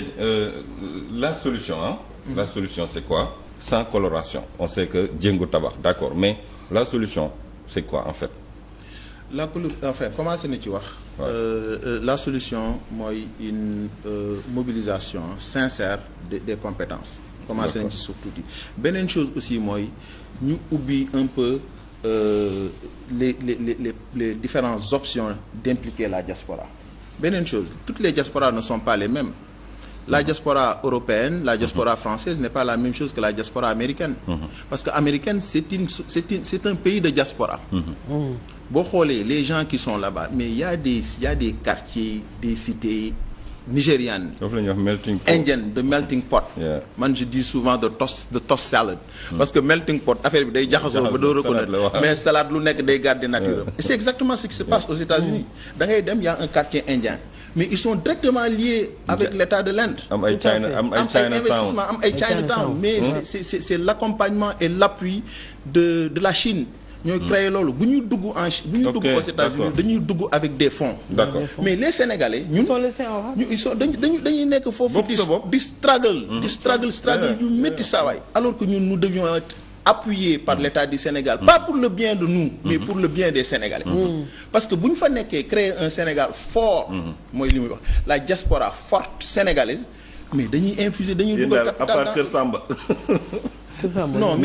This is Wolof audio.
te euh, la solution ah. solution c'est quoi sans coloration on sait que jéngu tabax d'accord mais la solution c'est quoi en fait. la colo en fait commencé na ci wax. la solution mooy une euh, mobilisation sincère des des compétences. commencé nañ ci suuf tuuti beneen chose aussi mooy ñu ubbi un peu euh, les les les les différentes options d'impliquer la diaspora beneen chose toutes les diasporas ne sont pas les mêmes. la diaspora européenne la diaspora française n'est pas la même chose que la diaspora américaine parce que américaine c'est une c'est une un pays de diaspora boo xoolee les gens qui sont là-bas mais y a des y a des quartiers des cités nigérianes indiennes de melting pot man je dis souvent de toss de toss salad hmm. parce que melting pot affaire bi day jaxasoo ba doo reconnaître mais salade lu nekk day garder nature c'est exactement ce qui se passe aux États-Unis hmm. da ngay dem y a mais ils sont directement liés avec l'état de l'Inde am ay China am ay investissement am ay Chinatown mais hmm? c'est c'est c'est l'accompagnement et l'appui de de la Chine ñooy hmm. créé loolu bu ñuy dugg en bu ñuy dugg aux États-Unis dañuy dugg avec des fonds d'accord mais les Sénégalais ñun ñu ils sont dañu dañu dañuy nekk foofu di di struggle di hmm. struggle struggle eh. yu métti saawaay alors que ñun nous devions appuyé par l'État du Sénégal pas pour le bien de nous mais pour le bien des Sénégalais parce que bu ñu fa nekkee créer un Sénégal fort mooy li muy la jaspora fort sénégalaise mais dañuy infuser dañuy dugal capital à Kër Samba non mais